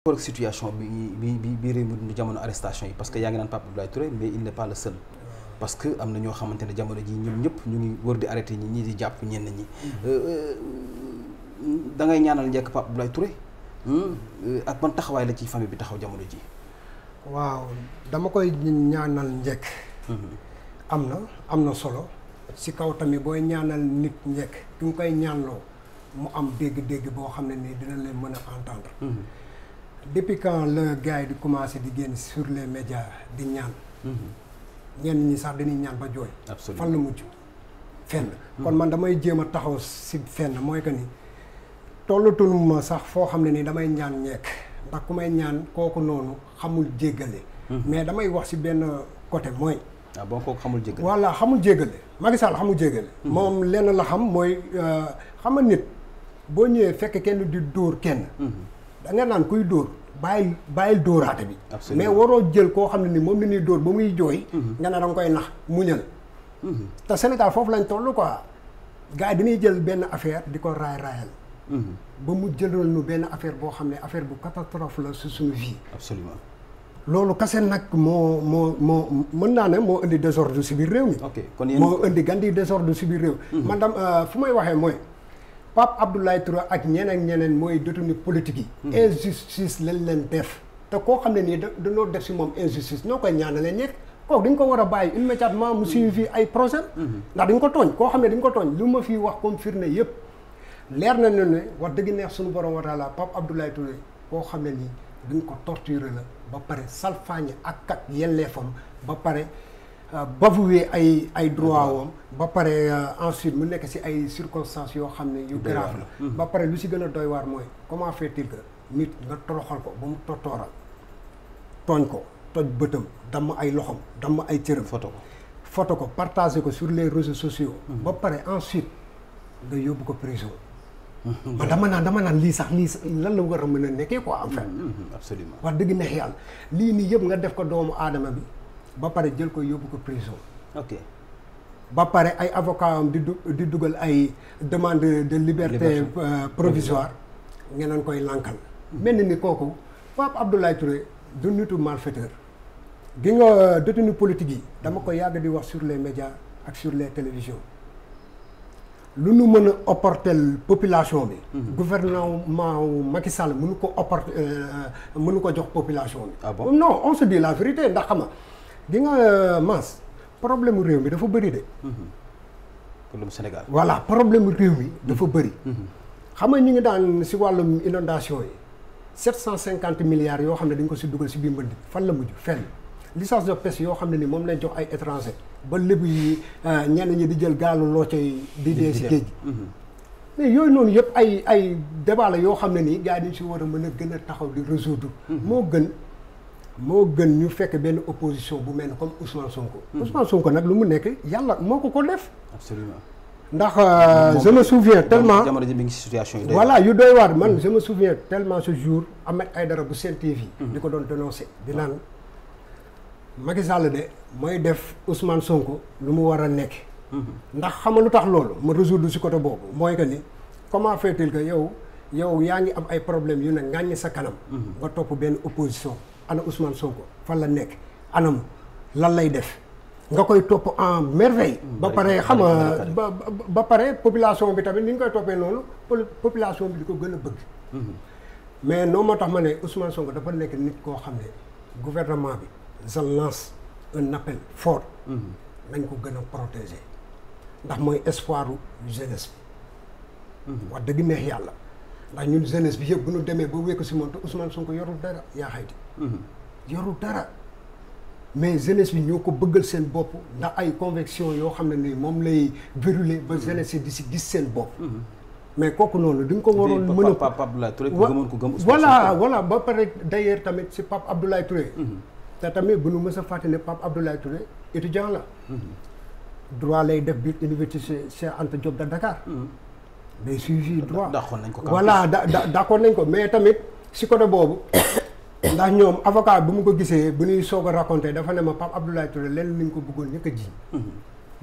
pour situation bi bi bi bi réew mi dund jamono arrestation yi parce que yaa ngi naan Pape Abdoulaye Touré mais il n'est pas le seul parce que am na ñoo xamante ne jamono ji ñoom ñëpp ñu ngi wër di arrêté ñi ñii di jàpp ñenn ñi mm-hmm. euh, euh, da ngay ñaanal njëkk Pape Abdoulaye Touré hmm? euh, ak ban taxawaay la ci famille bi taxaw jamono ji waaw dama koy ñaanal njëkk mm-hmm. am na am na solo si kaw tamit booy ñaanal nit njëkk ki nga koy ñaanloo mu am dégg-dégg boo xam ne nii dina leen mën a entendre mm-hmm. depuis quand la gars yi di commencé di génn sur les média di ñaan. Mm-hmm. ñenn ñi sax dañuy ñaan ba jooy. absolument fan la mujj fenn. Mm-hmm. kon man damay jéem a taxaw si fenn mooy que ni tollatul ma sax foo xam ne nii damay ñaan ñekk ndax ku may ñaan kooku noonu xamul jéggale. Mm-hmm. mais damay wax si benn côté mooy. ah bon kooku xamul jéggale. voilà xamul jéggale Macky Sall xamul jéggale. moom lenn la xam mooy euh, xam nga nit boo ñëwee fekk kenn di dóor kenn. da nga naan kuy dóor bàyyi bàyyil dóoraate bi. mais waroo jël koo xam ne ni moom la ñuy dóor ba muy jooy. Mhm. nga ne da nga koy nax muñal. Mhm. te Sénégal foofu lañ toll quoi gars yi dañuy jël benn affaire di ko raay raayal. Mhm. ba mu jëlal nu benn affaire boo xam ne affaire bu catastrophe la su suñu vie. absolument loolu kese nag moo moo moo mën naa ne moo indi désordre si biir réew mi. kon yéen moo indi gandi désordre si biir réew. man dam euh, fu may waxee mooy. Pape Abdoulaye Touré ak ñeneen ñeneen mooy détenu politique yi. Mhm. injustice lañ leen def. te koo xam ne nii da dañoo def si moom injustice ñoo koy leen nekk kook dañ ko war a bàyyi immédiatement mu suivi ay procès. Mhm. ndax dañ ko tooñ koo xam ne dañ ko tooñ lu ma fi wax confirmé yëpp. leer na ne ne wax dëgg neex suñu borom wa taala Pape Abdoulaye Touré koo xam ne nii dañ ko torturer la ba pare salfaañe ak ak yelleefam ba pare. ba bavouer ay ay droit wam ba pare euh, ensuite mu nekk si ay circonstances yoo xam ne yu grave la ba pare lu si gën a doy waar mooy comment fait-il que nit nga toroxal ko ba mu totooral tooñ ko toj bëtam damm ay loxom damm ay cëram photo ko ko partagé ko sur les réseaux sociaux mm-hmm. ba pare ensuite nga yóbbu ko prison ma mm-hmm. dama naan dama naan lii sax lii lan la war a mën a nekkee quoi en fait mm-hmm. wax dëgg neex yàlla lii nii yëpp nga def ko doomu aadama bi ba pare jël ko yóbbu ko prison. ba pare ay avocat am di di dugal ay demande de liberté euh, provisoire ngeen naan koy lànkal. Hmm. mel ni ni kooku Pape Abdoulaye Touré du nitu malfaiteur. gi nga euh, détenu politique yi dama hmm. ko yàgg di wax sur les médias ak sur les télévisions lu nu mën a opportel population bi. Hmm. gouvernement wu Macky Sall mënu ko opport euh, mënu ko jox population bi. ah bon non on se dit la vérité ndax xam nga gi nga euh, masse problème mu réew mi dafa bëri de. Mhm. problème Sénégal. problème mu réew mi mhm. dafa bëri. Mhm. xam nga ñu ngi daan si wàllum inondation yi sept cent cinquante milliards yoo xam ne dañ ko si dugal si biir mbënd fan la mujj fenn licence de pêche yoo xam ne nii moom lañ jox ay étranger ba lébu yi euh, ñenn ñi di jël gaalu loo cay di si géej gi yooyu noonu yëpp ay ay débat yoo xam ne nii gaa yi si war a mën a gën a taxaw di résoudre moo gën moo gën ñu fekk benn opposition bu mel ni comme Ousmane Sonko. Ousmane Sonko nag lu mu nekk yàlla moo ko ko def. absolument ndax euh, je me souviens tellement jamono ji mi ngi ci situation yi voilà yu doy waar man mm-hmm. je me souviens tellement ce jour ay Aïdara bu Sen TV. di ko doon dénoncé di naan Macky de mooy def Ousmane Sonko lu mu war a nekk. Mm-hmm. ndax xam nga lu tax loolu ma résoudre ci côté boobu mooy que ni comment fait-il que yow yow yaa ngi am ay problèmes yu ne ngàññi sa kanam. Mm-hmm. nga topp benn opposition. ana Ousmane Sonko fan la nekk anam lan lay def nga koy topp en merveille ba pare xam nga ba ba pare population bi tamit ni ñu koy toppee noonu population bi di ko gën a bëgg mhm. mais noonu moo tax ma ne Ousmane Sonko dafa nekk nit koo xam ne gouvernement bi je lance un appel fort mhm. nañ ko gën a protéger ndax mooy espoiru jeunesse bi mhm. wax dëgg neex yàlla ndax ñun genes bi yëpp bu ñu demee ba wékk si moom te Ousmane Sonko yorul dara yaa xayti mhm. yorul dara mais jeunesse bi ñoo ko bëggal seen bopp ndax ay conviction yoo xam ne nii moom lay véruler ba mhm. jeunesse di si gis seen bopp mhm. mais kooku noonu duñ ko waroon mën a Pape Abdoulaye Touré gëmoon ko gëm voilà voilà ba pare d'ailleurs tamit si pap Abdoulaye Touré te tamit bu nu mës a fàtte ne Pape Abdoulaye Touré étudiant la droit lay def biir université Cheikh Anta Diop de Dakar day suivi droit voilà da d'accord nañ ko mais tamit si côté boobu ndax ñoom avocat bu mu ko gisee bu ñuy soog a raconté dafa ne ma Pape Abdoulaye Touré lenn luñ ko bëggoon ñëkk a ji mm-hmm.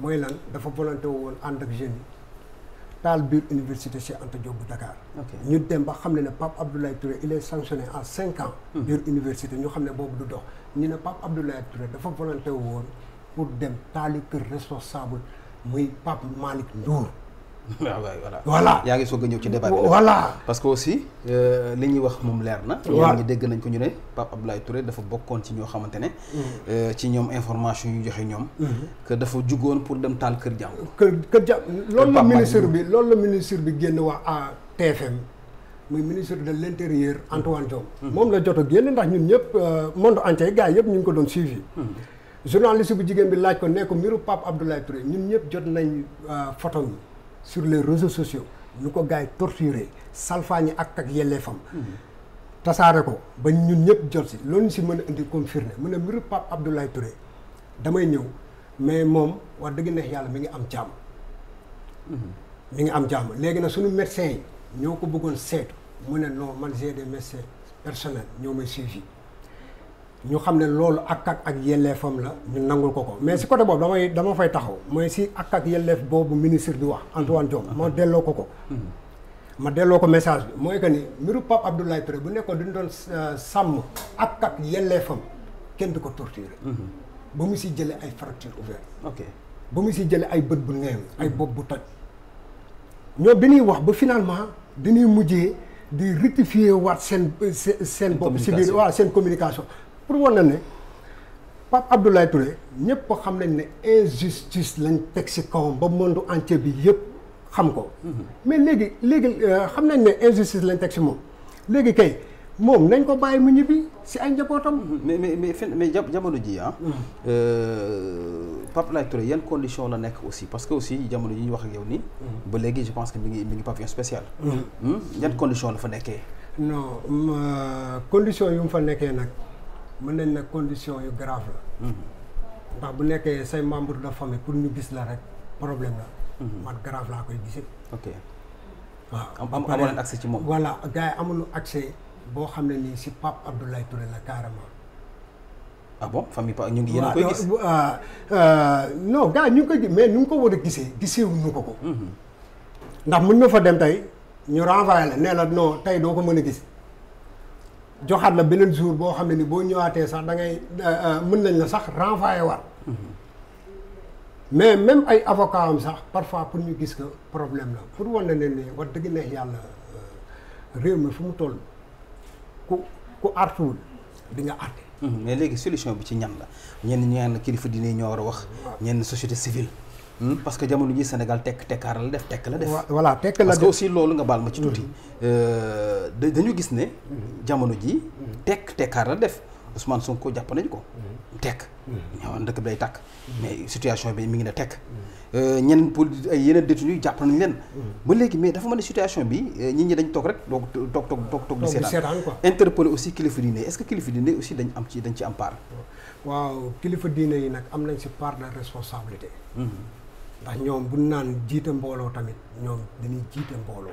mooy lan dafa volonté woon ànd ak jeunes yi taal biir université Cheikh Anta Diop bu Dakar ñu dem ba xam ne ne Pape Abdoulaye Touré il est sanctionné à cinq ans mm-hmm. biir université ñu xam ne boobu du dox ñu ne Pape Abdoulaye Touré dafa volonté woon pour dem taali kër responsable muy Pape Malick Ndour voilà voilà yaa ngi soog ñëw ci débat bi voilà parce que aussi euh, li ñuy wax moom leer na ñaar ñi dégg nañ ko ñu ne Pape Abdoulaye Touré dafa bokkoon ci ñoo xamante ne mm. euh, ci ñoom information yu joxe ñoom mm. que dafa jugoon pour dem taal kër jàmm kër jàmm loolu la ministre bi loolu la ministre bi génn wax à TFM muy ministre de l' intérieur mm. Antoine Diome moom la jot a génn ndax ñun ñëpp euh, monde entier gars yëpp ñu ngi ko doon suivi journaliste bu jigéen bi laaj ko ne ko mbiru Pape Abdoulaye Touré ñun ñëpp jot nañ photo sur les réseaux sociaux ñu ko gars yi torturé salfaañi ak ak yelleefam tasaare ko ba ñun ñëpp jot si loolu si mën a indi confirmé mu ne mbiru Pape Abdoulaye Touré damay ñëw mais moom wax dëgg neex yàlla mi ngi am jàmm mi ngi am jàmm léegi nag suñu médecin yi ñoo ko bëggoon seetu mu ne non man ge des médecins personnels ñoo may suivi ñu xam ne loolu ak ak ak yelleefam la ñu nangul ko ko mais si côté boobu damay dama fay taxaw mooy si ak ak yelleef boobu ministre bi wax Antoine Diome ma mm-hmm. delloo ko ko mm-hmm. ma delloo ko message bi mooy que ni mbiru Pape Abdoulaye Touré bu nekkoon duñu doon euh, sàmm ak ak yelleefam kenn du ko torturer mm-hmm. ba mu si jële ay fracture ouverte ok ba mu si jële ay bët bu neew ay bopp bu toj ñoom bi ñuy wax ba finalement dañuy mujjee di rectifier waat seen euh, seen bopp si biir seen communication pour wan na ne Pape Abdoulaye Touré ñëpp ko xam nañ ne injustice lañ teg ci kawam ba monde entier bi yëpp xam ko. mais léegi léegi euh, xam nañ ne injustice lañ teg ci moom léegi kay. moom nañ ko bàyyi mu ñibbi si ay njabootam. mais mais mais fen jamono ji ah. Hmm. Euh, Pape Laye Touré yan condition la nekk aussi parce que aussi jamono yi ñu wax ak yow nii. Hmm. ba léegi je pense que mi ngi mi ngi pavillon spécial. Hmm. yan condition la fa nekkee. non condition yu mu fa nekkee nag. mën nañ ne condition yu grave la mhm. ndax bu nekkee say membre de famille pour ñu gis la rek problème la mhm. man grave laa koy gisee ok waaw am amoon accès ci moom voilà gars yi amuñu accès boo xam ne nii si Pape Abdoulaye Touré la carrément ah bon famille ñu ngi yéen a koy gis euh, euh, non gars ñu ngi koy gis mais ñu ngi ko war a gisee giseewuñu ko ko mhm. ndax mën na fa dem tey ñu renvoyé la nee na non tey doo ko mën a gis joxaat la beneen jour boo xam ne ni boo ñëwaatee sax da ngay euh, euh, mën nañ la sax renvoyer war mm-hmm. mais même ay avocat am sax parfois pour ñu gis ko problème la pour wan na ne ne wax dëgg neex yàlla euh, réew mi fu mu toll ku ku artuwul di nga arte mm-hmm. mais léegi solution bi ci ñan la ñenn ñaan kilifa diine ñoo war a wax ñenn société civile Hmm, parce que jamono ji Sénégal tekk tekkaar la def tek la def. voilà tekk la def parce que aussi loolu nga baal ma ci tuuti. Hmm. Euh, dañu gis ne. jamono ji hmm. tekk tekkaar la def Ousmane Sonko jàpp nañu ko. tekk. ñëwoon dëkk bi day tàkk. mais situation bi ngi ne tekk. Euh, ñeneen pour ay yeneen détenu yi jàpp nañu leen. ba léegi mais dafa mel ne situation bi euh, nit ñi dañ toog rek doog toog toog toog toog. di seetaan quoi interpeller aussi kilifa diine est-ce que kilifa diine aussi dañ am ci dañ ci am part. waaw kilifa diine yi nag am nañ si part de responsabilité. ndax ñoom bu naan jiite mbooloo tamit ñoom dañuy jiite mbooloo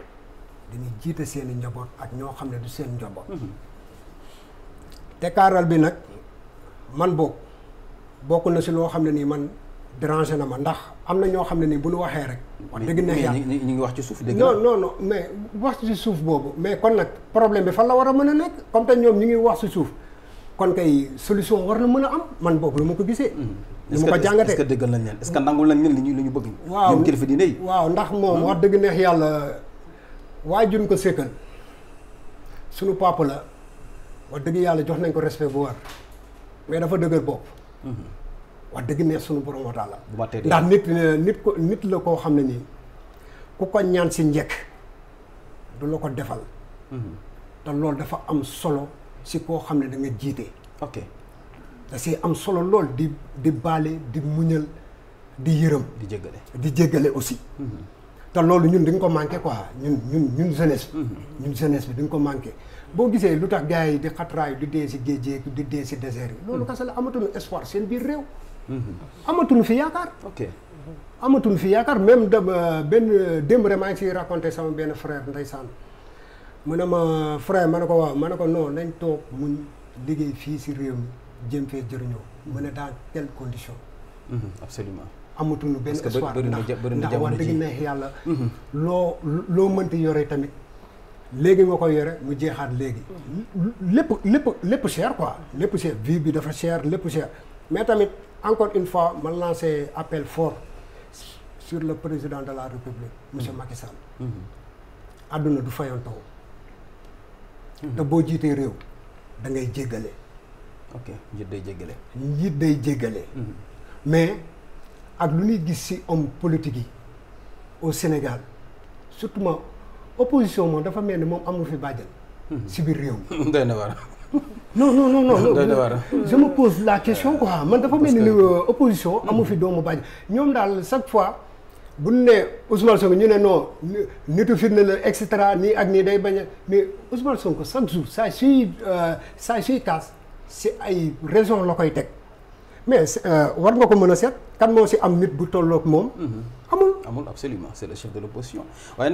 dañuy jiite seen i njaboot ak ñoo xam ne du seen njaboot. Mhm. kaaral bi nag man boog bokk na si loo xam ne nii man déranger na ma ndax am na ñoo xam ne nii bu ñu waxee rek. wax dëgg neex yàlla ñu ngi wax ci suuf dëgg non non non mais wax ci suuf boobu mais kon nag problème bi fan la war a mën a nekk comme te ñoom ñu ngi wax si suuf kon kay solution war na mën a am man boobu lu ma ko gisee. Mhm. li ma ko jàngatee est-ce que dëggal lañ leen est-ce que nangu lañ leen li ñu li waaw ñoom kilifa diine yi waaw ndax moom wax dëgg neex yàlla waaye jun ko sekkal sunu papa la wax dëgg yàlla jox nañ ko respect bu war mais dafa dëggër bopp. Mm-hmm. wax dëgg neex suñu borom wataal la. ndax nit nit ko nit la koo xam ne nii ku ko ñaan si njëkk du la ko defal. Mm-hmm. te loolu dafa am solo si koo xam ne da jiite. ok. da see am solo lool di di baale di muñal di yërëm. di jéggale di jéggale aussi. Mm-hmm. te loolu ñun di nga ko manqué quoi ñun ñun ñun jeunesse bi. Mm-hmm. ñun jeunesse bi di nga ko manqué. boo gisee lu tax gars yi di xatraay di dee si géej di dee si désert yi. loolu mm-hmm. kese la amatuñu espoir seen biir réew. amatuñu fi yaakaar. ok amatuñu fi yaakaar même dama euh, benn démb rek maa ngi siy raconté sama benn frère ndeysaan mu a ma frère ma ne ko waaw ma ne ko non nañ toog muñ liggéey fii si réew mi. jéem fee jëriñoo mu ne dans telle condition. Mhm, absolument amatuñu benn espoir ndax ndax wax dëgg neex yàlla. Mhm. loo loo mënti yore tamit léegi nga koy yore mu jeexaat léegi. lépp lépp lépp cher quoi lépp cher vie bi dafa cher lépp cher mais tamit encore une fois ma lancé appel fort sur le président de la république mhm. monsieur Macky Sall. àdduna du fayantoo. te boo jiitee réew da ngay jéggale. ok njiit day jéggale. njiit day jéggale. Mhm. mais ak lu ñuy gis ci homme politique yi au Sénégal surtout ma opposition moom dafa mel ni moom amul fi bàjjal. Mhm. ci biir réew mi. doy na waar. non pose la question quoi man dafa mel ni euh, opposition amul fi doomu bàjjal ñoom daal chaque fois. bu ñu nee Ousmane Sonko ñu ne non nitu firnde la et nii ak nii day bañ a mais Ousmane Sonko chaque jour saa suy saa si ay raison la koy teg mais euh, war nga ko mën a seet kan moo si am nit bu tollook moom mm-hmm. amul amul absolument c'est le chef de la waaye